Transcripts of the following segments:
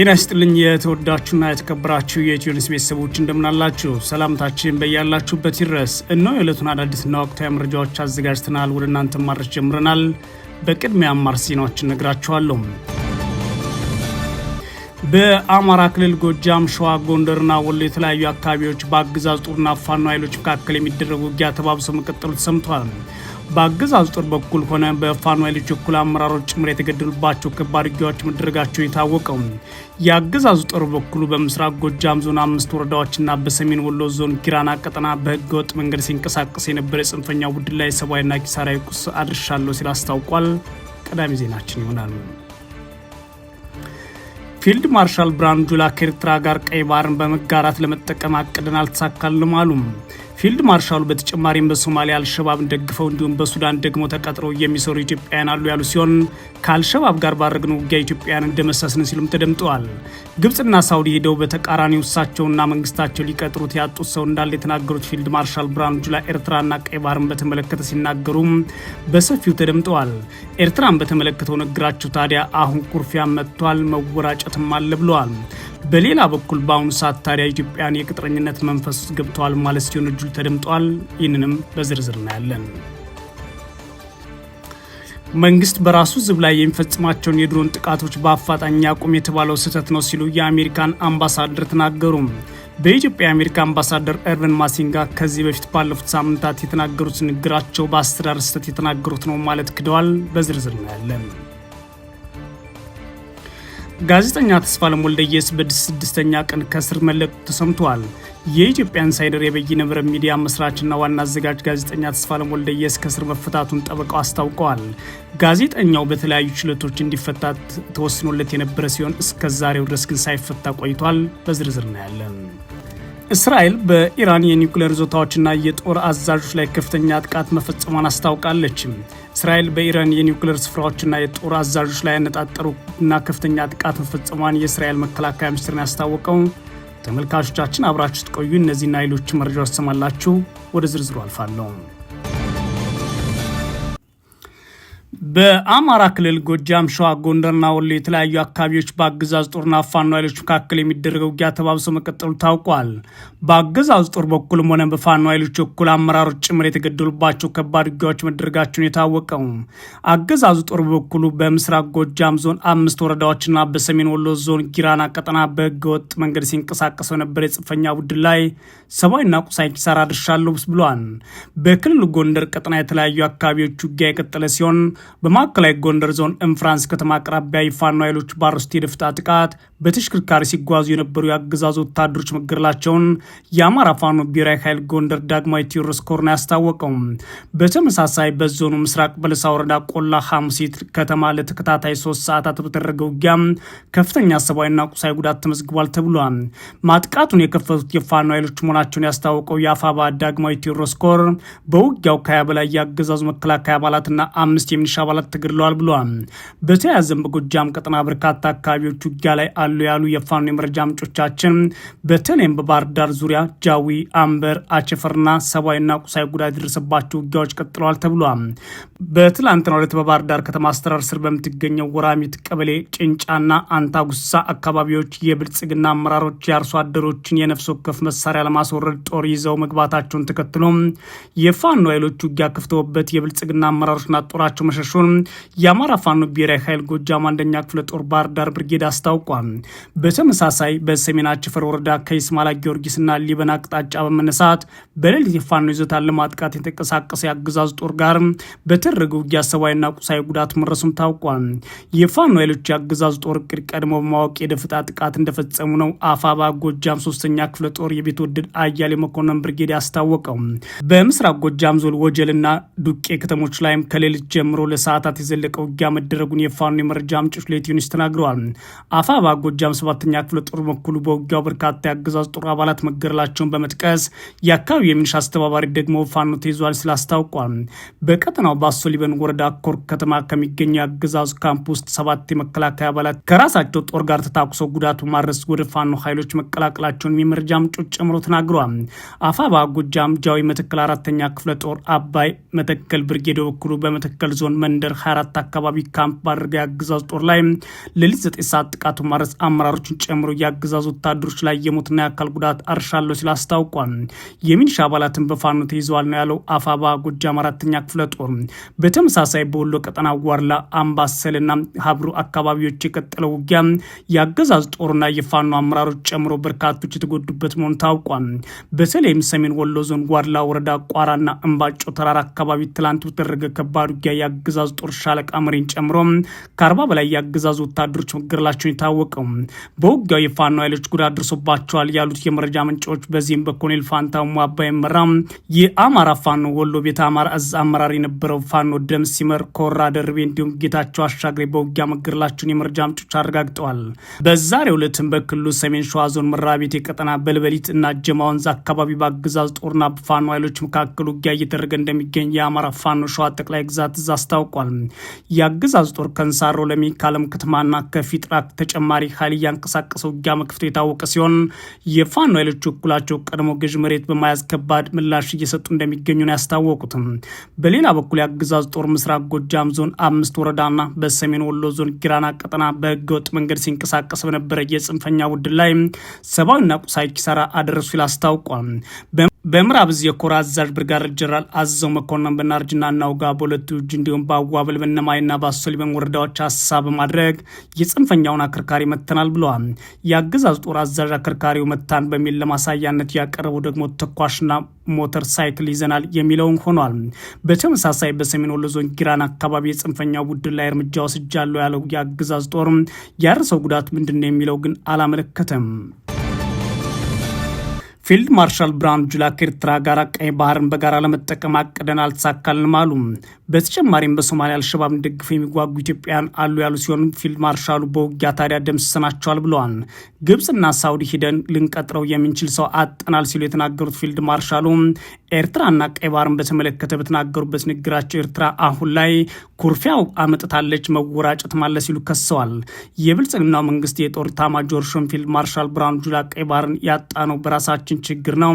ጤና ይስጥልኝ የተወዳችሁና የተከበራችሁ የኢትዮ ቤተሰቦች እንደምናላችሁ ሰላምታችን በያላችሁበት ይድረስ። እነሆ የዕለቱን አዳዲስና ወቅታዊ መረጃዎች አዘጋጅተናል ወደ እናንተ ማድረስ ጀምረናል። በቅድሚያ አማር ዜናዎችን ነግራችኋለሁ። በአማራ ክልል ጎጃም፣ ሸዋ፣ ጎንደርና ወሎ የተለያዩ አካባቢዎች በአገዛዝ ጦርና ፋኖ ኃይሎች መካከል የሚደረጉ ውጊያ ተባብሰው መቀጠሉ ተሰምቷል። በአገዛዙ ጦር በኩል ሆነ በፋኖ ኃይሎች እኩል አመራሮች ጭምር የተገደሉባቸው ከባድ ውጊያዎች መደረጋቸው የታወቀው የአገዛዙ ጦር በኩሉ በምስራቅ ጎጃም ዞን አምስት ወረዳዎችና በሰሜን ወሎ ዞን ጊራና ቀጠና በህገወጥ መንገድ ሲንቀሳቀስ የነበረ ጽንፈኛ ቡድን ላይ ሰብአዊና ኪሳራዊ ቁስ አድርሻለሁ ሲል አስታውቋል። ቀዳሚ ዜናችን ይሆናል። ፊልድ ማርሻል ብርሃኑ ጁላ ከኤርትራ ጋር ቀይ ባህርን በመጋራት ለመጠቀም አቅደን አልተሳካልም አሉም። ፊልድ ማርሻሉ በተጨማሪም በሶማሊያ አልሸባብን ደግፈው እንዲሁም በሱዳን ደግሞ ተቀጥረው የሚሰሩ ኢትዮጵያውያን አሉ ያሉ ሲሆን ከአልሸባብ ጋር ባደረግነው ውጊያ ኢትዮጵያን ደመሰስን ሲሉም ተደምጠዋል። ግብጽና ሳውዲ ሄደው በተቃራኒ እሳቸውና መንግስታቸው ሊቀጥሩት ያጡት ሰው እንዳለ የተናገሩት ፊልድ ማርሻል ብርሃኑ ጁላ ኤርትራና ቀይ ባህርን በተመለከተ ሲናገሩም በሰፊው ተደምጠዋል። ኤርትራን በተመለከተው ንግግራቸው ታዲያ አሁን ኩርፊያ መጥቷል፣ መወራጨትም አለ ብለዋል። በሌላ በኩል በአሁኑ ሰዓት ታዲያ ኢትዮጵያን የቅጥረኝነት መንፈስ ውስጥ ገብተዋል ማለት ሲሆን እጁል ተደምጧል። ይህንንም በዝርዝር እናያለን። መንግስት በራሱ ዝብ ላይ የሚፈጽማቸውን የድሮን ጥቃቶች በአፋጣኝ ያቁም የተባለው ስህተት ነው ሲሉ የአሜሪካን አምባሳደር ተናገሩ። በኢትዮጵያ የአሜሪካ አምባሳደር ኤርቨን ማሲንጋ ከዚህ በፊት ባለፉት ሳምንታት የተናገሩት ንግግራቸው በአስተዳደር ስህተት የተናገሩት ነው ማለት ክደዋል። በዝርዝር እናያለን። ጋዜጠኛ ተስፋለም ወልደየስ በስድስተኛ ቀን ከእስር መለቀቁ ተሰምቷል። የኢትዮጵያ ኢንሳይደር የበይነ መረብ ሚዲያ መስራችና ዋና አዘጋጅ ጋዜጠኛ ተስፋለም ወልደየስ ከእስር መፈታቱን ጠበቃው አስታውቀዋል። ጋዜጠኛው በተለያዩ ችሎቶች እንዲፈታ ተወስኖለት የነበረ ሲሆን እስከዛሬው ድረስ ግን ሳይፈታ ቆይቷል። በዝርዝር እናያለን። እስራኤል በኢራን የኒውክሌር ዞታዎችና የጦር አዛዦች ላይ ከፍተኛ ጥቃት መፈጸሟን አስታውቃለች። እስራኤል በኢራን የኒውክሌር ስፍራዎችና የጦር አዛዦች ላይ እና ከፍተኛ ጥቃት መፈጸሟን የእስራኤል መከላከያ ሚኒስትርን ያስታወቀው። ተመልካቾቻችን አብራችሁ ትቆዩ። እነዚህና ሌሎች መረጃዎች ትሰማላችሁ። ወደ ዝርዝሩ አልፋለሁ። በአማራ ክልል ጎጃም፣ ሸዋ፣ ጎንደርና ወሎ የተለያዩ አካባቢዎች በአገዛዝ ጦርና ፋኖ ኃይሎች መካከል የሚደረገው ውጊያ ተባብሶ መቀጠሉ ታውቋል። በአገዛዝ ጦር በኩልም ሆነ በፋኖ ኃይሎች በኩል አመራሮች ጭምር የተገደሉባቸው ከባድ ውጊያዎች መደረጋቸውን የታወቀው አገዛዝ ጦር በበኩሉ በምስራቅ ጎጃም ዞን አምስት ወረዳዎችና በሰሜን ወሎ ዞን ጊራና ቀጠና በህገወጥ መንገድ ሲንቀሳቀሰው ነበር የጽንፈኛ ቡድን ላይ ሰብአዊና ቁሳዊ ኪሳራ አድርሻለሁ ብሏል። በክልሉ ጎንደር ቀጠና የተለያዩ አካባቢዎች ውጊያ የቀጠለ ሲሆን በማዕከላዊ ጎንደር ዞን እንፍራንስ ከተማ አቅራቢያ የፋኖ ኃይሎች ባረሱት የደፈጣ ጥቃት በተሽከርካሪ ሲጓዙ የነበሩ የአገዛዙ ወታደሮች መገደላቸውን የአማራ ፋኖ ብሔራዊ ኃይል ጎንደር ዳግማዊ ቴዎድሮስ ኮርና ያስታወቀው። በተመሳሳይ በዞኑ ምስራቅ በለሳ ወረዳ ቆላ ሐሙሲት ከተማ ለተከታታይ ሶስት ሰዓታት በተደረገ ውጊያ ከፍተኛ ሰብአዊና ቁሳዊ ጉዳት ተመዝግቧል ተብሏል። ማጥቃቱን የከፈቱት የፋኖ ኃይሎች መሆናቸውን ያስታወቀው የአፋባ ዳግማዊ ቴዎድሮስ ኮር በውጊያው ከሀያ በላይ የአገዛዙ መከላከያ አባላትና አምስት የሚኒሻ አባላት ተገድለዋል ብለዋል። በተያያዘም በጎጃም ቀጠና በርካታ አካባቢዎች ውጊያ ላይ አሉ ያሉ የፋኖ የመረጃ ምንጮቻችን በተለይም በባህር ዳር ዙሪያ ጃዊ፣ አምበር፣ አቸፈርና ሰብአዊና ቁሳዊ ጉዳት የደረሰባቸው ውጊያዎች ቀጥለዋል ተብሏል። በትላንትና ዕለት በባህር ዳር ከተማ አስተራር ስር በምትገኘው ወራሚት ቀበሌ ጭንጫና አንታጉሳ አካባቢዎች የብልጽግና አመራሮች የአርሶ አደሮችን የነፍስ ወከፍ መሳሪያ ለማስወረድ ጦር ይዘው መግባታቸውን ተከትሎ የፋኖ ኃይሎች ውጊያ ከፍተውበት የብልጽግና አመራሮችና ጦራቸው መሸሽ መዳረሹን የአማራ ፋኖ ብሔራዊ ኃይል ጎጃም አንደኛ ክፍለ ጦር ባህር ዳር ብርጌድ አስታውቋል። በተመሳሳይ በሰሜን አቸፈር ወረዳ ከይስማላ ጊዮርጊስና ሊበን አቅጣጫ በመነሳት በሌሊት የፋኖ ይዞታን ለማጥቃት የተንቀሳቀሰ የአገዛዝ ጦር ጋር በተደረገ ውጊያ ሰብአዊና ቁሳዊ ጉዳት መድረሱም ታውቋል። የፋኖ ኃይሎች የአገዛዝ ጦር እቅድ ቀድሞ በማወቅ የደፈጣ ጥቃት እንደፈጸሙ ነው አፋባ ጎጃም ሶስተኛ ክፍለ ጦር የቤት ወደድ አያሌ መኮንን ብርጌድ ያስታወቀው። በምስራቅ ጎጃም ዞን ወጀልና ዱቄ ከተሞች ላይም ከሌሊት ጀምሮ ለ ለሰዓታት የዘለቀ ውጊያ መደረጉን የፋኖ የመረጃ ምንጮች ለኢትዮኒስ ተናግረዋል። አፋ በጎጃም ሰባተኛ ክፍለ ጦር በኩሉ በውጊያው በርካታ የአገዛዝ ጦር አባላት መገደላቸውን በመጥቀስ የአካባቢው የሚኒሻ አስተባባሪ ደግሞ ፋኖ ተይዟል ሲል አስታውቋል። በቀጠናው ባሶ ሊበን ወረዳ ኮር ከተማ ከሚገኘው የአገዛዙ ካምፕ ውስጥ ሰባት የመከላከያ አባላት ከራሳቸው ጦር ጋር ተታኩሰው ጉዳቱ ማድረስ ወደ ፋኖ ኃይሎች መቀላቀላቸውን የመረጃ ምንጮች ጨምሮ ተናግረዋል። አፋ በጎጃም ጃዊ መተከል አራተኛ ክፍለ ጦር አባይ መተከል ብርጌድ በኩሉ በመተከል ዞን መንደር 24 አካባቢ ካምፕ ባደረገው የአገዛዙ ጦር ላይ ሌሊት 9 ሰዓት ጥቃቱ ማድረስ አመራሮችን ጨምሮ የአገዛዙ ወታደሮች ላይ የሞትና የአካል ጉዳት አርሻለሁ ሲል አስታውቋል። የሚኒሻ አባላትን በፋኖ ተይዘዋል ነው ያለው አፋባ ጎጃም አራተኛ ክፍለ ጦር። በተመሳሳይ በወሎ ቀጠና ዋርላ፣ አምባሰልና ሀብሩ አካባቢዎች የቀጠለው ውጊያ የአገዛዝ ጦርና የፋኖ አመራሮች ጨምሮ በርካቶች የተጎዱበት መሆኑ ታውቋል። በተለይም ሰሜን ወሎ ዞን ዋርላ ወረዳ ቋራና እምባጮ ተራራ አካባቢ ትላንት በተደረገ ከባድ ውጊያ የአገዛዝ የአገዛዙ ጦር ሻለቃ መሪን ጨምሮ ከአርባ በላይ የአገዛዙ ወታደሮች መገደላቸውን የታወቀው በውጊያው የፋኖ ኃይሎች ጉዳት ደርሶባቸዋል ያሉት የመረጃ ምንጮች፣ በዚህም በኮሎኔል ፋንታ ሟባ የመራ የአማራ ፋኖ ወሎ ቤተ አማራ እዝ አመራር የነበረው ፋኖ ደም ሲመር ኮራ ደርቤ እንዲሁም ጌታቸው አሻግሬ በውጊያ መገደላቸውን የመረጃ ምንጮች አረጋግጠዋል። በዛሬ ሁለትም በክልሉ ሰሜን ሸዋ ዞን መራቤቴ የቀጠና በልበሊት እና ጀማ ወንዝ አካባቢ በአገዛዝ ጦርና በፋኖ ኃይሎች መካከል ውጊያ እየተደረገ እንደሚገኝ የአማራ ፋኖ ሸዋ ጠቅላይ ግዛት እዝ አስታውቋል። ታውቋል። የአገዛዝ ጦር ከንሳሮ ለሚካለም ክትማና ከተማና ተጨማሪ ኃይል እያንቀሳቀሰ ውጊያ መክፈቱ የታወቀ ሲሆን የፋኖ ኃይሎች በኩላቸው ቀድሞ ገዥ መሬት በመያዝ ከባድ ምላሽ እየሰጡ እንደሚገኙ ነው ያስታወቁትም። በሌላ በኩል የአገዛዝ ጦር ምስራቅ ጎጃም ዞን አምስት ወረዳና በሰሜን ወሎ ዞን ጊራና ቀጠና በህገወጥ መንገድ ሲንቀሳቀስ በነበረ የጽንፈኛ ቡድን ላይ ሰብአዊና ቁሳዊ ኪሳራ አደረሱ ሲል አስታውቋል። በምዕራብ እዝ የኮር አዛዥ ብርጋዴር ጄኔራል አዘው መኮንን በናርጅና እናውጋ በሁለቱ እጅ እንዲሁም በአጓብል በነማይና በአሶሊበን ወረዳዎች ሀሳብ በማድረግ የጽንፈኛውን አከርካሪ መተናል ብለዋል። የአገዛዝ ጦር አዛዥ አከርካሪው መታን በሚል ለማሳያነት ያቀረበው ደግሞ ተኳሽና ሞተር ሳይክል ይዘናል የሚለውን ሆኗል። በተመሳሳይ በሰሜን ወሎ ዞን ጊራን አካባቢ የጽንፈኛው ቡድን ላይ እርምጃ ወስጃለሁ ያለው የአገዛዝ ጦር ያደረሰው ጉዳት ምንድን ነው የሚለው ግን አላመለከተም። ፊልድ ማርሻል ብርሃኑ ጁላ ከኤርትራ ጋር ቀይ ባህርን በጋራ ለመጠቀም አቅደን አልተሳካልንም አሉ። በተጨማሪም በሶማሊያ አልሸባብ ደግፈው የሚጓጉ ኢትዮጵያን አሉ ያሉ ሲሆን ፊልድ ማርሻሉ በውጊያ ታዲያ ደምስሰናቸዋል ብለዋል። ግብፅና ሳውዲ ሂደን ልንቀጥረው የምንችል ሰው አጠናል ሲሉ የተናገሩት ፊልድ ማርሻሉ ኤርትራና ቀይ ባህርን በተመለከተ በተናገሩበት ንግግራቸው ኤርትራ አሁን ላይ ኩርፊያው አመጥታለች መወራጨት ማለ ሲሉ ከሰዋል። የብልጽግናው መንግስት የጦር ኤታማዦር ሹም ፊልድ ማርሻል ብርሃኑ ጁላ ቀይ ባህርን ያጣነው በራሳችን ችግር ነው፣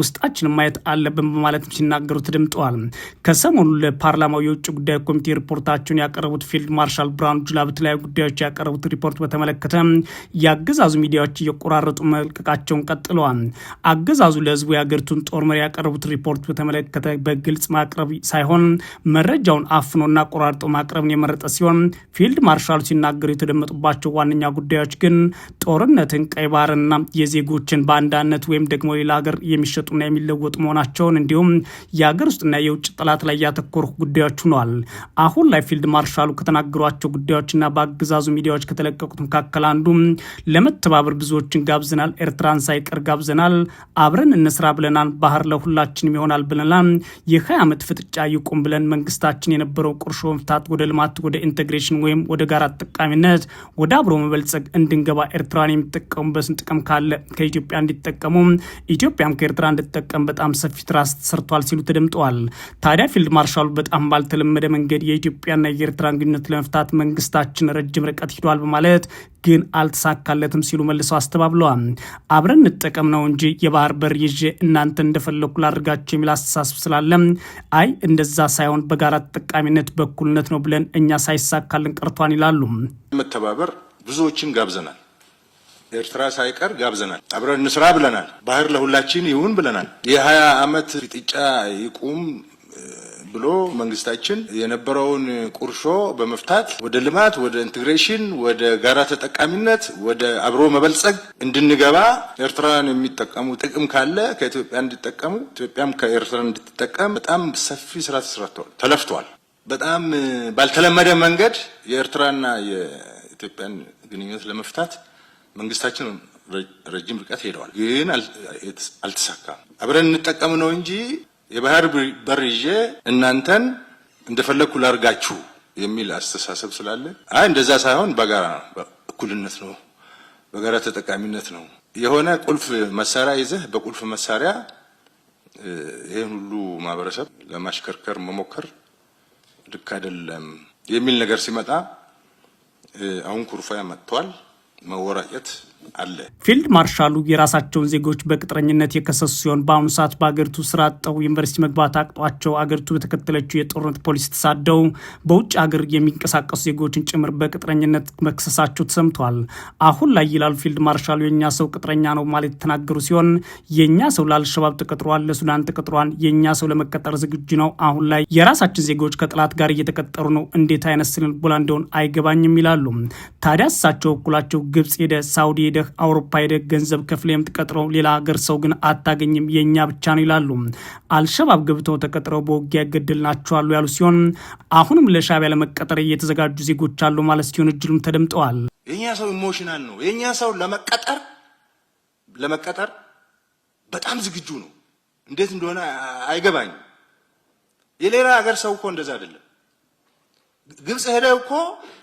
ውስጣችን ማየት አለብን በማለትም ሲናገሩ ተደምጠዋል። ከሰሞኑ ለፓርላማው የውጭ ጉዳይ ኮሚቴ ሪፖርታቸውን ያቀረቡት ፊልድ ማርሻል ብርሃኑ ጁላ በተለያዩ ጉዳዮች ያቀረቡት ሪፖርት በተመለከተ የአገዛዙ ሚዲያዎች እየቆራረጡ መልቀቃቸውን ቀጥለዋል። አገዛዙ ለህዝቡ የሀገሪቱን ጦር መሪ ያቀረቡት ሪፖርት በተመለከተ በግልጽ ማቅረብ ሳይሆን መረጃውን አፍኖና ቆራርጦ ማቅረብን የመረጠ ሲሆን ፊልድ ማርሻሉ ሲናገሩ የተደመጡባቸው ዋነኛ ጉዳዮች ግን ጦርነትን፣ ቀይ ባህርና የዜጎችን በአንዳነት ወይም ደግሞ ሌላ ሀገር የሚሸጡና የሚለወጡ መሆናቸውን እንዲሁም የሀገር ውስጥና የውጭ ጠላት ላይ ያተኮሩ ጉዳዮች ሆኗል። አሁን ላይ ፊልድ ማርሻሉ ከተናገሯቸው ጉዳዮችና በአገዛዙ ሚዲያዎች ከተለቀቁት መካከል አንዱ ለመተባበር ብዙዎችን ጋብዘናል፣ ኤርትራን ሳይቀር ጋብዘናል፣ አብረን እንስራ ብለናል፣ ባህር ለሁላችን ሁላችንም ይሆናል ብለናል። የሀያ ዓመት ፍጥጫ ይቁም ብለን መንግስታችን የነበረው ቁርሾ መፍታት፣ ወደ ልማት፣ ወደ ኢንቴግሬሽን ወይም ወደ ጋራ ተጠቃሚነት፣ ወደ አብሮ መበልጸግ እንድንገባ ኤርትራን የሚጠቀሙበትን ጥቅም ካለ ከኢትዮጵያ እንዲጠቀሙ፣ ኢትዮጵያም ከኤርትራ እንድትጠቀም በጣም ሰፊ ትራስ ሰርቷል ሲሉ ተደምጠዋል። ታዲያ ፊልድ ማርሻሉ በጣም ባልተለመደ መንገድ የኢትዮጵያና የኤርትራን ግንኙነት ለመፍታት መንግስታችን ረጅም ርቀት ሂዷል በማለት ግን አልተሳካለትም ሲሉ መልሰው አስተባብለዋል። አብረን እንጠቀም ነው እንጂ የባህር በር ይዤ እናንተ እንደፈለግኩ ላድርጋቸው የሚል አስተሳሰብ ስላለ አይ እንደዛ ሳይሆን በጋራ ተጠቃሚነት በኩልነት ነው ብለን እኛ ሳይሳካልን ቀርቷን ይላሉ። መተባበር ብዙዎችን ጋብዘናል። ኤርትራ ሳይቀር ጋብዘናል። አብረን እንስራ ብለናል። ባህር ለሁላችን ይሁን ብለናል። የሀያ ዓመት ፍጥጫ ይቁም ብሎ መንግስታችን የነበረውን ቁርሾ በመፍታት ወደ ልማት፣ ወደ ኢንቴግሬሽን፣ ወደ ጋራ ተጠቃሚነት፣ ወደ አብሮ መበልጸግ እንድንገባ ኤርትራውያን የሚጠቀሙ ጥቅም ካለ ከኢትዮጵያ እንዲጠቀሙ ኢትዮጵያም ከኤርትራ እንድትጠቀም በጣም ሰፊ ስራ ተሰርተዋል፣ ተለፍተዋል። በጣም ባልተለመደ መንገድ የኤርትራና የኢትዮጵያን ግንኙነት ለመፍታት መንግስታችን ረጅም ርቀት ሄደዋል፣ ግን አልተሳካም። አብረን እንጠቀም ነው እንጂ የባህር በር ይዤ እናንተን እንደፈለግኩ ላርጋችሁ የሚል አስተሳሰብ ስላለ፣ አይ እንደዛ ሳይሆን በጋራ እኩልነት ነው፣ በጋራ ተጠቃሚነት ነው። የሆነ ቁልፍ መሳሪያ ይዘህ በቁልፍ መሳሪያ ይህን ሁሉ ማህበረሰብ ለማሽከርከር መሞከር ልክ አይደለም የሚል ነገር ሲመጣ አሁን ኩርፊያ መጥቷል፣ መወራጨት አለ። ፊልድ ማርሻሉ የራሳቸውን ዜጎች በቅጥረኝነት የከሰሱ ሲሆን በአሁኑ ሰዓት በአገሪቱ ስራ ዩኒቨርሲቲ መግባት አቅጧቸው አገሪቱ በተከተለችው የጦርነት ፖሊሲ ተሳደው በውጭ አገር የሚንቀሳቀሱ ዜጎችን ጭምር በቅጥረኝነት መክሰሳቸው ተሰምተዋል። አሁን ላይ ይላሉ ፊልድ ማርሻሉ የእኛ ሰው ቅጥረኛ ነው ማለት የተናገሩ ሲሆን የእኛ ሰው ለአልሸባብ ተቀጥሯል፣ ለሱዳን ተቀጥሯል፣ የእኛ ሰው ለመቀጠር ዝግጁ ነው። አሁን ላይ የራሳችን ዜጎች ከጠላት ጋር እየተቀጠሩ ነው። እንዴት አይነት ስንልቦና እንደሆን አይገባኝም ይላሉ። ታዲያ እሳቸው እኩላቸው ግብጽ ሄደ፣ ሳውዲ ሄደህ አውሮፓ ሄደህ ገንዘብ ከፍለ የምትቀጥረው ሌላ ሀገር ሰው ግን አታገኝም፣ የእኛ ብቻ ነው ይላሉ። አልሸባብ ገብተው ተቀጥረው በውጊያ ናቸዋሉ ያሉ ሲሆን አሁንም ለሻቢያ ለመቀጠር እየተዘጋጁ ዜጎች አሉ ማለት ሲሆን እጅሉም ተደምጠዋል። የእኛ ሰው ኢሞሽናል ነው። የእኛ ሰው ለመቀጠር ለመቀጠር በጣም ዝግጁ ነው። እንዴት እንደሆነ አይገባኝም። የሌላ ሀገር ሰው እኮ እንደዛ አይደለም። ግብፅ ሄደ እኮ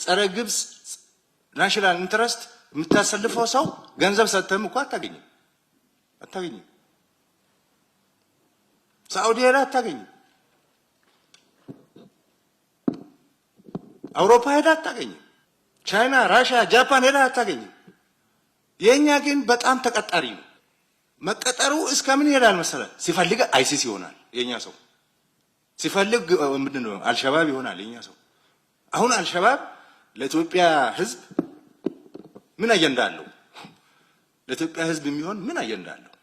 ጸረ ግብፅ ናሽናል ኢንትረስት የምታሰልፈው ሰው ገንዘብ ሰጥተህም እኮ አታገኝም አታገኝም። ሳዑዲ ሄዳ አታገኝም። አውሮፓ ሄዳ አታገኝም። ቻይና፣ ራሽያ፣ ጃፓን ሄዳ አታገኝም። የእኛ ግን በጣም ተቀጣሪ ነው። መቀጠሩ እስከ ምን ይሄዳል መሰለ? ሲፈልግ አይሲስ ይሆናል የእኛ ሰው፣ ሲፈልግ ምንድን ነው አልሸባብ ይሆናል የእኛ ሰው። አሁን አልሸባብ ለኢትዮጵያ ሕዝብ ምን አጀንዳ አለው? ለኢትዮጵያ ህዝብ የሚሆን ምን አጀንዳ አለው?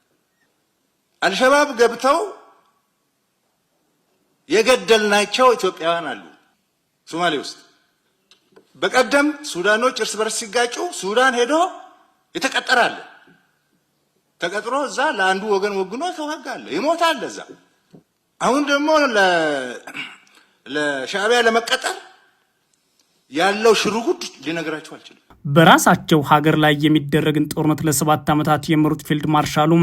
አልሸባብ ገብተው የገደልናቸው ኢትዮጵያውያን አሉ ሶማሌ ውስጥ። በቀደም ሱዳኖች እርስ በርስ ሲጋጩ ሱዳን ሄዶ የተቀጠራለ ተቀጥሮ እዛ ለአንዱ ወገን ወግኖ ተዋጋለ፣ ይሞታል እዛ። አሁን ደግሞ ለሻዕቢያ ለመቀጠር ያለው ሽሩጉድ ሊነግራቸው አልችልም። በራሳቸው ሀገር ላይ የሚደረግን ጦርነት ለሰባት ዓመታት የመሩት ፊልድ ማርሻሉም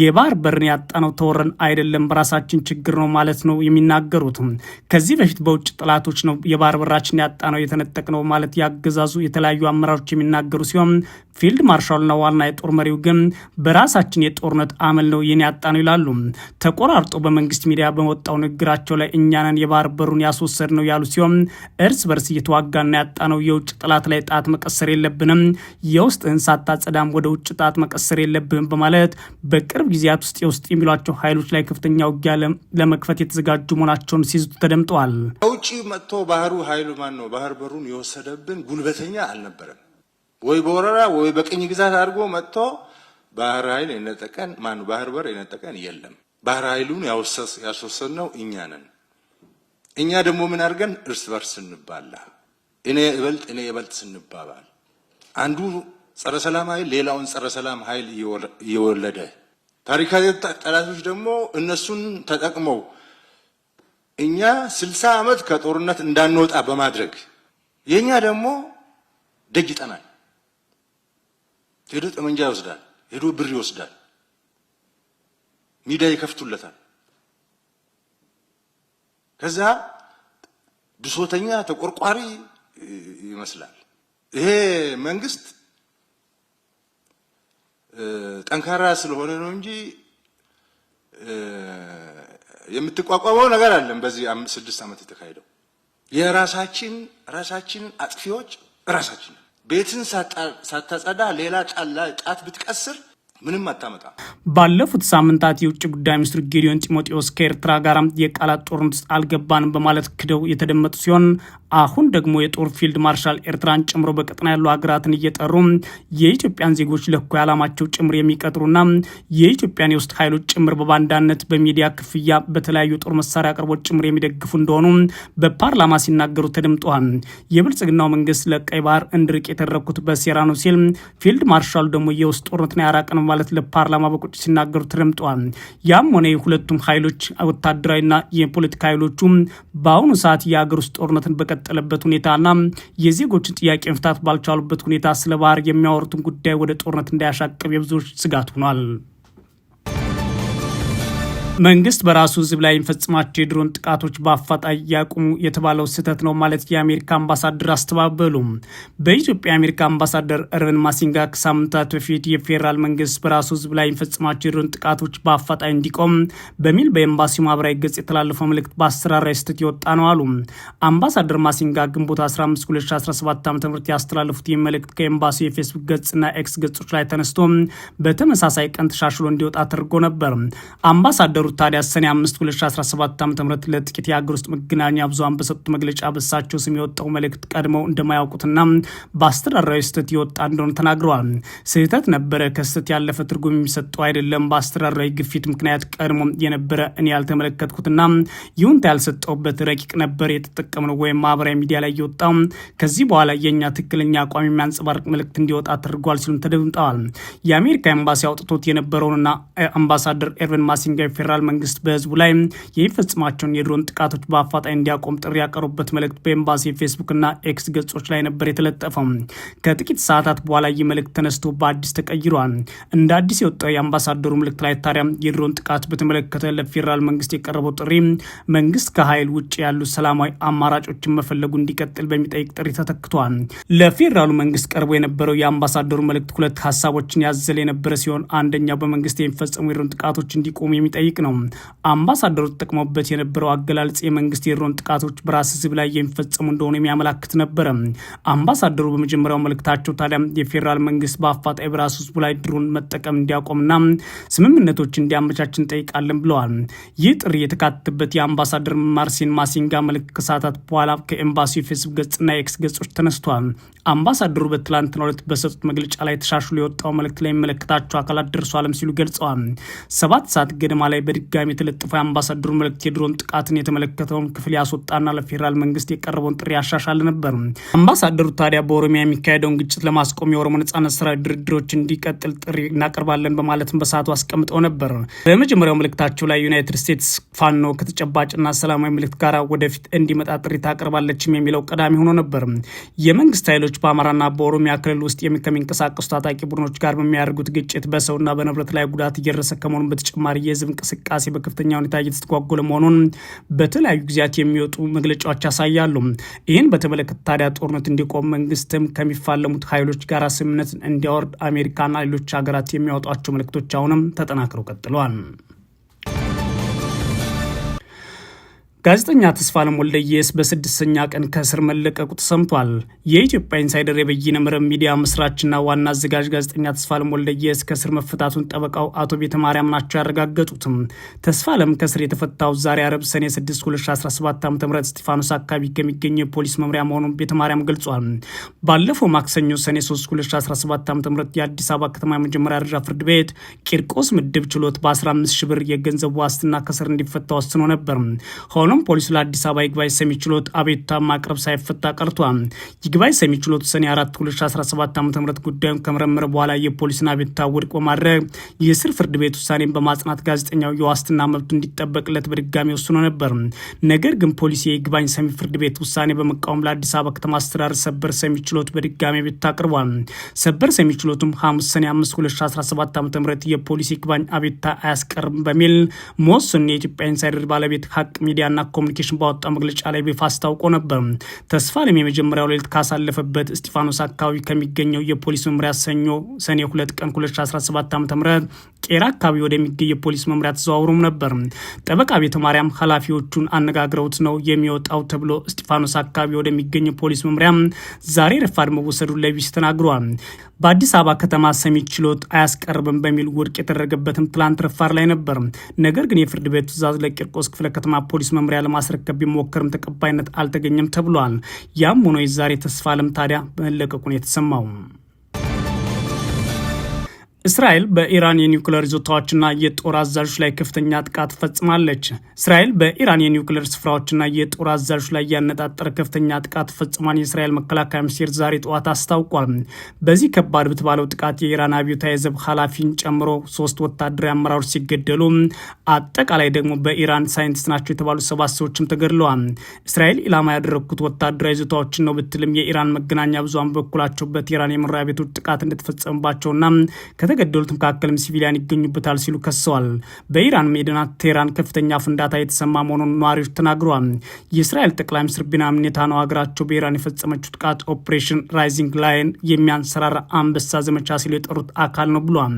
የባህር በርን ያጣነው ተወረን አይደለም በራሳችን ችግር ነው ማለት ነው የሚናገሩት። ከዚህ በፊት በውጭ ጥላቶች ነው የባህር በራችን ያጣነው የተነጠቅነው ማለት ያገዛዙ የተለያዩ አመራሮች የሚናገሩ ሲሆን ፊልድ ማርሻሉና ዋና የጦር መሪው ግን በራሳችን የጦርነት አመል ነው ይህን ያጣነው ይላሉ። ተቆራርጦ በመንግስት ሚዲያ በወጣው ንግግራቸው ላይ እኛንን የባህር በሩን ያስወሰድ ነው ያሉ ሲሆን እርስ በርስ እየተዋገ የተወጋና ያጣነው የውጭ ጠላት ላይ ጣት መቀሰር የለብንም፣ የውስጥህን ሳታጸዳም ወደ ውጭ ጣት መቀሰር የለብንም በማለት በቅርብ ጊዜያት ውስጥ የውስጥ የሚሏቸው ኃይሎች ላይ ከፍተኛ ውጊያ ለመክፈት የተዘጋጁ መሆናቸውን ሲይዙ ተደምጠዋል። ከውጭ መጥቶ ባህሩ ኃይሉ ማን ነው ባህር በሩን የወሰደብን ጉልበተኛ አልነበረም ወይ በወረራ ወይ በቅኝ ግዛት አድርጎ መጥቶ ባህር ኃይል የነጠቀን ማን ባህር በር የነጠቀን የለም። ባህር ኃይሉን ያስወሰድነው እኛ ነን። እኛ ደግሞ ምን አድርገን እርስ በርስ እንባላ እኔ እበልጥ እኔ እበልጥ ስንባባል አንዱ ጸረ ሰላም ኃይል ሌላውን ጸረ ሰላም ኃይል እየወለደ ታሪካዊ ጠላቶች ደግሞ እነሱን ተጠቅመው እኛ ስልሳ ዓመት ከጦርነት እንዳንወጣ በማድረግ የእኛ ደግሞ ደጅ ይጠናል። ሄዶ ጠመንጃ ይወስዳል፣ ሄዶ ብር ይወስዳል፣ ሚዲያ ይከፍቱለታል። ከዛ ብሶተኛ ተቆርቋሪ ይመስላል። ይሄ መንግስት ጠንካራ ስለሆነ ነው እንጂ የምትቋቋመው ነገር አለን። በዚህ አምስት ስድስት ዓመት የተካሄደው የራሳችን ራሳችን አጥፊዎች ራሳችን ቤትን ሳታጸዳ ሌላ ጣት ብትቀስር ምንም አታመጣ። ባለፉት ሳምንታት የውጭ ጉዳይ ሚኒስትር ጌዲዮን ጢሞቴዎስ ከኤርትራ ጋር የቃላት ጦርነት ውስጥ አልገባንም በማለት ክደው የተደመጡ ሲሆን አሁን ደግሞ የጦር ፊልድ ማርሻል ኤርትራን ጨምሮ በቀጠና ያሉ ሀገራትን እየጠሩ የኢትዮጵያን ዜጎች ለኩ ዓላማቸው ጭምር የሚቀጥሩና የኢትዮጵያን የውስጥ ኃይሎች ጭምር በባንዳነት በሚዲያ ክፍያ በተለያዩ ጦር መሳሪያ አቅርቦት ጭምር የሚደግፉ እንደሆኑ በፓርላማ ሲናገሩ ተደምጠዋል። የብልጽግናው መንግስት ለቀይ ባህር እንድርቅ የተደረግኩት በሴራ ነው ሲል ፊልድ ማርሻሉ ደግሞ የውስጥ ጦርነትና ያራቀን በማለት ለፓርላማ በቁጭ ሲናገሩ ተደምጠዋል። ያም ሆነ የሁለቱም ኃይሎች ወታደራዊና የፖለቲካ ኃይሎቹ በአሁኑ ሰዓት የሀገር ውስጥ ጦርነትን በቀጠለበት ሁኔታና የዜጎችን ጥያቄ መፍታት ባልቻሉበት ሁኔታ ስለ ባህር የሚያወሩትን ጉዳይ ወደ ጦርነት እንዳያሻቅብ የብዙዎች ስጋት ሆኗል። መንግስት በራሱ ህዝብ ላይ የሚፈጽማቸው የድሮን ጥቃቶች በአፋጣኝ ያቁሙ የተባለው ስህተት ነው ማለት የአሜሪካ አምባሳደር አስተባበሉ። በኢትዮጵያ የአሜሪካ አምባሳደር ርን ማሲንጋ ከሳምንታት በፊት የፌዴራል መንግስት በራሱ ህዝብ ላይ የሚፈጽማቸው የድሮን ጥቃቶች በአፋጣኝ እንዲቆም በሚል በኤምባሲው ማህበራዊ ገጽ የተላለፈው መልእክት በአሰራራዊ ስህተት የወጣ ነው አሉ። አምባሳደር ማሲንጋ ግንቦት 15 2017 ዓ ም ያስተላለፉት ይህ መልእክት ከኤምባሲው የፌስቡክ ገጽና ኤክስ ገጾች ላይ ተነስቶ በተመሳሳይ ቀን ተሻሽሎ እንዲወጣ ተደርጎ ነበር። አምባሳደሩ የተናገሩት ታዲያ ሰኔ 5 2017 ዓ ም ለጥቂት የሀገር ውስጥ መገናኛ ብዙሃን በሰጡት መግለጫ በሳቸው ስም የወጣው መልእክት ቀድመው እንደማያውቁትና በአስተዳደራዊ ስህተት የወጣ እንደሆነ ተናግረዋል። ስህተት ነበረ፣ ከስህተት ያለፈ ትርጉም የሚሰጠው አይደለም። በአስተዳደራዊ ግፊት ምክንያት ቀድሞ የነበረ እኔ ያልተመለከትኩትና ይሁንታ ያልሰጠውበት ረቂቅ ነበር የተጠቀምነው ወይም ማህበራዊ ሚዲያ ላይ የወጣ ከዚህ በኋላ የእኛ ትክክለኛ አቋም የሚያንጸባርቅ መልእክት እንዲወጣ ተደርጓል ሲሉም ተደምጠዋል። የአሜሪካ ኤምባሲ አውጥቶት የነበረውንና አምባሳደር ኤርቨን ማሲንጋ ፌራ የፌዴራል መንግስት በህዝቡ ላይ የሚፈጽማቸውን የድሮን ጥቃቶች በአፋጣኝ እንዲያቆም ጥሪ ያቀሩበት መልእክት በኤምባሲ ፌስቡክና ኤክስ ገጾች ላይ ነበር የተለጠፈው። ከጥቂት ሰዓታት በኋላ ይህ መልእክት ተነስቶ በአዲስ ተቀይሯል። እንደ አዲስ የወጣው የአምባሳደሩ መልእክት ላይ ታዲያ የድሮን ጥቃት በተመለከተ ለፌዴራል መንግስት የቀረበው ጥሪ መንግስት ከኃይል ውጭ ያሉ ሰላማዊ አማራጮችን መፈለጉ እንዲቀጥል በሚጠይቅ ጥሪ ተተክቷል። ለፌዴራሉ መንግስት ቀርቦ የነበረው የአምባሳደሩ መልእክት ሁለት ሀሳቦችን ያዘለ የነበረ ሲሆን አንደኛው በመንግስት የሚፈጸሙ የድሮን ጥቃቶች እንዲቆሙ የሚጠይቅ ነው። አምባሳደሩ ተጠቅመውበት የነበረው አገላለጽ የመንግስት የድሮን ጥቃቶች በራስ ህዝብ ላይ የሚፈጸሙ እንደሆነ የሚያመላክት ነበረ። አምባሳደሩ በመጀመሪያው መልእክታቸው ታዲያ የፌዴራል መንግስት በአፋጣኝ በራስ ህዝቡ ላይ ድሮን መጠቀም እንዲያቆምና ስምምነቶች እንዲያመቻች እንጠይቃለን ብለዋል። ይህ ጥሪ የተካተተበት የአምባሳደር ማርሴን ማሲንጋ መልእክት ከሰዓታት በኋላ ከኤምባሲው የፌስቡክ ገጽና የኤክስ ገጾች ተነስቷል። አምባሳደሩ በትላንትናው ዕለት በሰጡት መግለጫ ላይ ተሻሽሎ የወጣው መልእክት ላይ የሚመለከታቸው አካላት ደርሷልም ሲሉ ገልጸዋል። ሰባት ሰዓት ገደማ ላይ በ በድጋሚ የተለጠፈው የአምባሳደሩ መልእክት የድሮን ጥቃትን የተመለከተውን ክፍል ያስወጣና ለፌዴራል መንግስት የቀረበውን ጥሪ ያሻሻል ነበር። አምባሳደሩ ታዲያ በኦሮሚያ የሚካሄደውን ግጭት ለማስቆም የኦሮሞ ነጻነት ሰራዊት ድርድሮች እንዲቀጥል ጥሪ እናቀርባለን በማለትም በሰዓቱ አስቀምጠው ነበር። በመጀመሪያው መልእክታቸው ላይ ዩናይትድ ስቴትስ ፋኖ ከተጨባጭና ሰላማዊ መልእክት ጋር ወደፊት እንዲመጣ ጥሪ ታቀርባለችም የሚለው ቀዳሚ ሆኖ ነበር። የመንግስት ኃይሎች በአማራና በኦሮሚያ ክልል ውስጥ ከሚንቀሳቀሱ ታጣቂ ቡድኖች ጋር በሚያደርጉት ግጭት በሰውና በንብረት ላይ ጉዳት እየደረሰ ከመሆኑ በተጨማሪ የህዝብ እንቅስቃሴ እንቅስቃሴ በከፍተኛ ሁኔታ እየተስተጓጎለ መሆኑን በተለያዩ ጊዜያት የሚወጡ መግለጫዎች ያሳያሉ። ይህን በተመለከተ ታዲያ ጦርነት እንዲቆም መንግስትም ከሚፋለሙት ኃይሎች ጋር ስምምነት እንዲያወርድ አሜሪካና ሌሎች ሀገራት የሚያወጧቸው መልእክቶች አሁንም ተጠናክረው ቀጥለዋል። ጋዜጠኛ ተስፋለም ወልደየስ በስድስተኛ ቀን ከእስር መለቀቁ ተሰምቷል። የኢትዮጵያ ኢንሳይደር የበይነ መረብ ሚዲያ መስራችና ዋና አዘጋጅ ጋዜጠኛ ተስፋለም ወልደየስ ከእስር መፈታቱን ጠበቃው አቶ ቤተማርያም ናቸው ያረጋገጡትም። ተስፋለም ከእስር የተፈታው ዛሬ አረብ ሰኔ 6 2017 ዓ ም ስጢፋኖስ አካባቢ ከሚገኘ የፖሊስ መምሪያ መሆኑን ቤተማርያም ገልጿል። ባለፈው ማክሰኞ ሰኔ 3 2017 ዓ ም የአዲስ አበባ ከተማ የመጀመሪያ ደረጃ ፍርድ ቤት ቂርቆስ ምድብ ችሎት በ15 ሺ ብር የገንዘብ ዋስትና ከእስር እንዲፈታ ወስኖ ነበር ሆኖ ሆኖም ፖሊሱ ለአዲስ አበባ ይግባኝ ሰሚ ችሎት አቤቱታ ማቅረብ ሳይፈታ ቀርቷል። ይግባኝ ሰሚ ችሎቱ ሰኔ 4 2017 ዓ ም ጉዳዩን ከመረመረ በኋላ የፖሊስን አቤቱታ ውድቅ በማድረግ የስር ፍርድ ቤት ውሳኔን በማጽናት ጋዜጠኛው የዋስትና መብቱ እንዲጠበቅለት በድጋሚ ወስኖ ነበር። ነገር ግን ፖሊስ የይግባኝ ሰሚ ፍርድ ቤት ውሳኔ በመቃወም ለአዲስ አበባ ከተማ አስተዳደር ሰበር ሰሚ ችሎት በድጋሚ አቤቱታ አቅርቧል። ሰበር ሰሚ ችሎቱም ሐሙስ ሰኔ 5 2017 ዓ ም የፖሊስ ይግባኝ አቤቱታ አያስቀርም በሚል መወሰኑን የኢትዮጵያ ኢንሳይደር ባለቤት ሀቅ ሚዲያና ኮሚኒኬሽን ባወጣ መግለጫ ላይ በይፋ አስታውቆ ነበር። ተስፋ ለም የመጀመሪያው ሌሊት ካሳለፈበት እስጢፋኖስ አካባቢ ከሚገኘው የፖሊስ መምሪያ ሰኞ ሰኔ ሁለት ቀን 2017 ዓ ም ቄራ አካባቢ ወደሚገኝ የፖሊስ መምሪያ ተዘዋውሮም ነበር። ጠበቃ ቤተ ማርያም ኃላፊዎቹን አነጋግረውት ነው የሚወጣው ተብሎ እስጢፋኖስ አካባቢ ወደሚገኝ የፖሊስ መምሪያ ዛሬ ረፋድ መወሰዱን ለቢስ ተናግሯል። በአዲስ አበባ ከተማ ሰሚ ችሎት አያስቀርብም በሚል ውድቅ የተደረገበትም ትላንት ረፋር ላይ ነበር። ነገር ግን የፍርድ ቤት ትዕዛዝ ለቂርቆስ ክፍለ ከተማ ፖሊስ መምሪያ ለማስረከብ ቢሞከርም ተቀባይነት አልተገኘም ተብሏል። ያም ሆኖ የዛሬ ተስፋ አለም ታዲያ በመለቀቁን የተሰማው እስራኤል በኢራን የኒውክሌር ይዞታዎችና የጦር አዛዦች ላይ ከፍተኛ ጥቃት ፈጽማለች። እስራኤል በኢራን የኒውክሌር ስፍራዎችና የጦር አዛዦች ላይ ያነጣጠረ ከፍተኛ ጥቃት ፈጽሟን የእስራኤል መከላከያ ሚኒስቴር ዛሬ ጠዋት አስታውቋል። በዚህ ከባድ በተባለው ጥቃት የኢራን አብዮታዊ ዘብ ኃላፊን ጨምሮ ሶስት ወታደራዊ አመራሮች ሲገደሉ አጠቃላይ ደግሞ በኢራን ሳይንቲስት ናቸው የተባሉ ሰባት ሰዎችም ተገድለዋል። እስራኤል ኢላማ ያደረግኩት ወታደራዊ ይዞታዎችን ነው ብትልም የኢራን መገናኛ ብዙሃን በበኩላቸው በቴህራን የመኖሪያ ቤቶች ጥቃት እንደተፈጸመባቸውና ከተገደሉት መካከልም ሲቪሊያን ይገኙበታል ሲሉ ከሰዋል። በኢራን ሜድና ቴህራን ከፍተኛ ፍንዳታ የተሰማ መሆኑን ነዋሪዎች ተናግረዋል። የእስራኤል ጠቅላይ ሚኒስትር ቢንያሚን ኔታንያሁ ሀገራቸው በኢራን የፈጸመችው ጥቃት ኦፕሬሽን ራይዚንግ ላይን የሚያንሰራራ አንበሳ ዘመቻ ሲሉ የጠሩት አካል ነው ብሏል።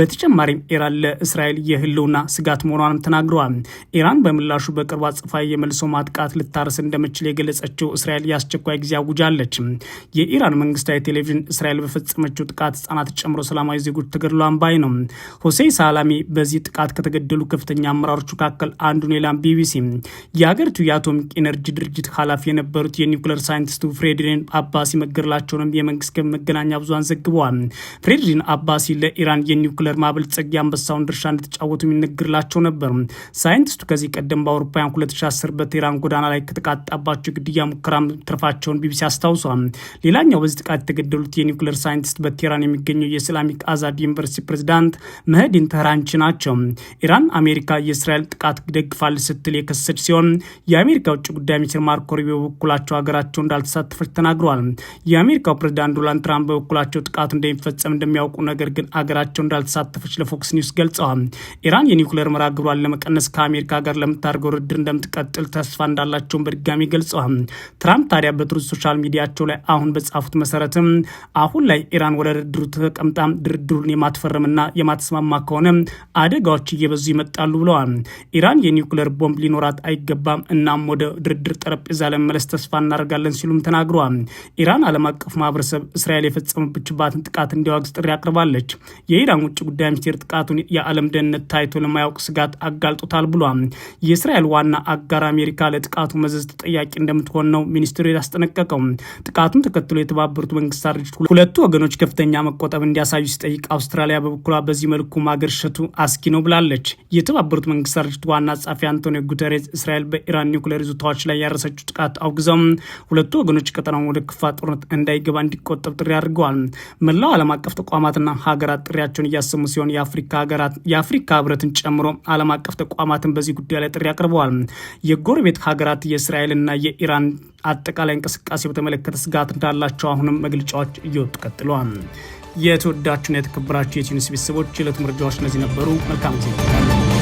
በተጨማሪም ኢራን ለእስራኤል የህልውና ስጋት መሆኗንም ተናግረዋል። ኢራን በምላሹ በቅርቡ አጸፋዊ የመልሶ ማጥቃት ልታረስ እንደምችል የገለጸችው እስራኤል የአስቸኳይ ጊዜ አውጃለች። የኢራን መንግስታዊ ቴሌቪዥን እስራኤል በፈጸመችው ጥቃት ህጻናት ጨምሮ ሰላማዊ ዜጎች ተገድሏን ባይ ነው። ሆሴ ሳላሚ በዚህ ጥቃት ከተገደሉ ከፍተኛ አመራሮች መካከል አንዱ ሌላም ቢቢሲ የሀገሪቱ የአቶሚክ ኤነርጂ ድርጅት ኃላፊ የነበሩት የኒውክለር ሳይንቲስቱ ፍሬድሪን አባሲ መገደላቸውንም የመንግስት መገናኛ ብዙሃን ዘግበዋል። ፍሬድሪን አባሲ ለኢራን የኒውክለር ማበልጸግ የአንበሳውን ድርሻ እንደተጫወቱ የሚነግርላቸው ነበር። ሳይንቲስቱ ከዚህ ቀደም በአውሮፓውያን 2010 በቴህራን ጎዳና ላይ ከተቃጣባቸው ግድያ ሙከራ መትረፋቸውን ቢቢሲ አስታውሷል። ሌላኛው በዚህ ጥቃት የተገደሉት የኒውክለር ሳይንቲስት በቴህራን የሚገኘው የእስላሚክ አዛድ ዩኒቨርሲቲ ፕሬዝዳንት መህዲን ተራንች ናቸው። ኢራን አሜሪካ የእስራኤል ጥቃት ደግፋል ስትል የከሰች ሲሆን የአሜሪካ ውጭ ጉዳይ ሚኒስትር ማርኮ ሩቢዮ በበኩላቸው ሀገራቸው እንዳልተሳተፈች ተናግረዋል። የአሜሪካው ፕሬዝዳንት ዶናልድ ትራምፕ በበኩላቸው ጥቃቱ እንደሚፈጸም እንደሚያውቁ፣ ነገር ግን አገራቸው እንዳልተሳተፈች ለፎክስ ኒውስ ገልጸዋል። ኢራን የኒውክሌር መርሃ ግብሯን ለመቀነስ ከአሜሪካ ጋር ለምታደርገው ድርድር እንደምትቀጥል ተስፋ እንዳላቸውን በድጋሚ ገልጸዋል። ትራምፕ ታዲያ በትሩዝ ሶሻል ሚዲያቸው ላይ አሁን በጻፉት መሰረትም አሁን ላይ ኢራን ወደ ድርድሩ ተቀምጣ ድርድሩን የማትፈርምና የማትስማማ ከሆነ አደጋዎች እየበዙ ይመጣሉ ብለዋል። ኢራን የኒውክሌር ቦምብ ሊኖራት አይገባም፣ እናም ወደ ድርድር ጠረጴዛ ለመመለስ ተስፋ እናደርጋለን ሲሉም ተናግረዋል። ኢራን ዓለም አቀፍ ማህበረሰብ እስራኤል የፈጸመብችባትን ጥቃት እንዲያወግዝ ጥሪ አቅርባለች። የኢራን ውጭ ጉዳይ ሚኒስቴር ጥቃቱን የዓለም ደህንነት ታይቶ ለማያውቅ ስጋት አጋልጦታል ብሏል። የእስራኤል ዋና አጋር አሜሪካ ለጥቃቱ መዘዝ ተጠያቂ እንደምትሆን ነው ሚኒስትሩ ያስጠነቀቀው። ጥቃቱን ተከትሎ የተባበሩት መንግስታት ድርጅት ሁለቱ ወገኖች ከፍተኛ መቆጠብ እንዲያሳዩ ሲጠይቃ አውስትራሊያ በበኩሏ በዚህ መልኩ ማገርሸቱ አስኪ ነው ብላለች። የተባበሩት መንግስታት ድርጅት ዋና ጸሐፊ አንቶኒዮ ጉተሬዝ እስራኤል በኢራን ኒውክሌር ይዞታዎች ላይ ያረሰችው ጥቃት አውግዘው ሁለቱ ወገኖች ቀጠናውን ወደ ክፋ ጦርነት እንዳይገባ እንዲቆጠብ ጥሪ አድርገዋል። መላው ዓለም አቀፍ ተቋማትና ሀገራት ጥሪያቸውን እያሰሙ ሲሆን የአፍሪካ ሀገራት የአፍሪካ ህብረትን ጨምሮ ዓለም አቀፍ ተቋማትን በዚህ ጉዳይ ላይ ጥሪ አቅርበዋል። የጎረቤት ሀገራት የእስራኤልና የኢራን አጠቃላይ እንቅስቃሴ በተመለከተ ስጋት እንዳላቸው አሁንም መግለጫዎች እየወጡ ቀጥለዋል። የተወዳችሁና የተከበራችሁ የቲዩኒስ ቤተሰቦች የዕለቱ መረጃዎች እነዚህ ነበሩ። መልካም ጊዜ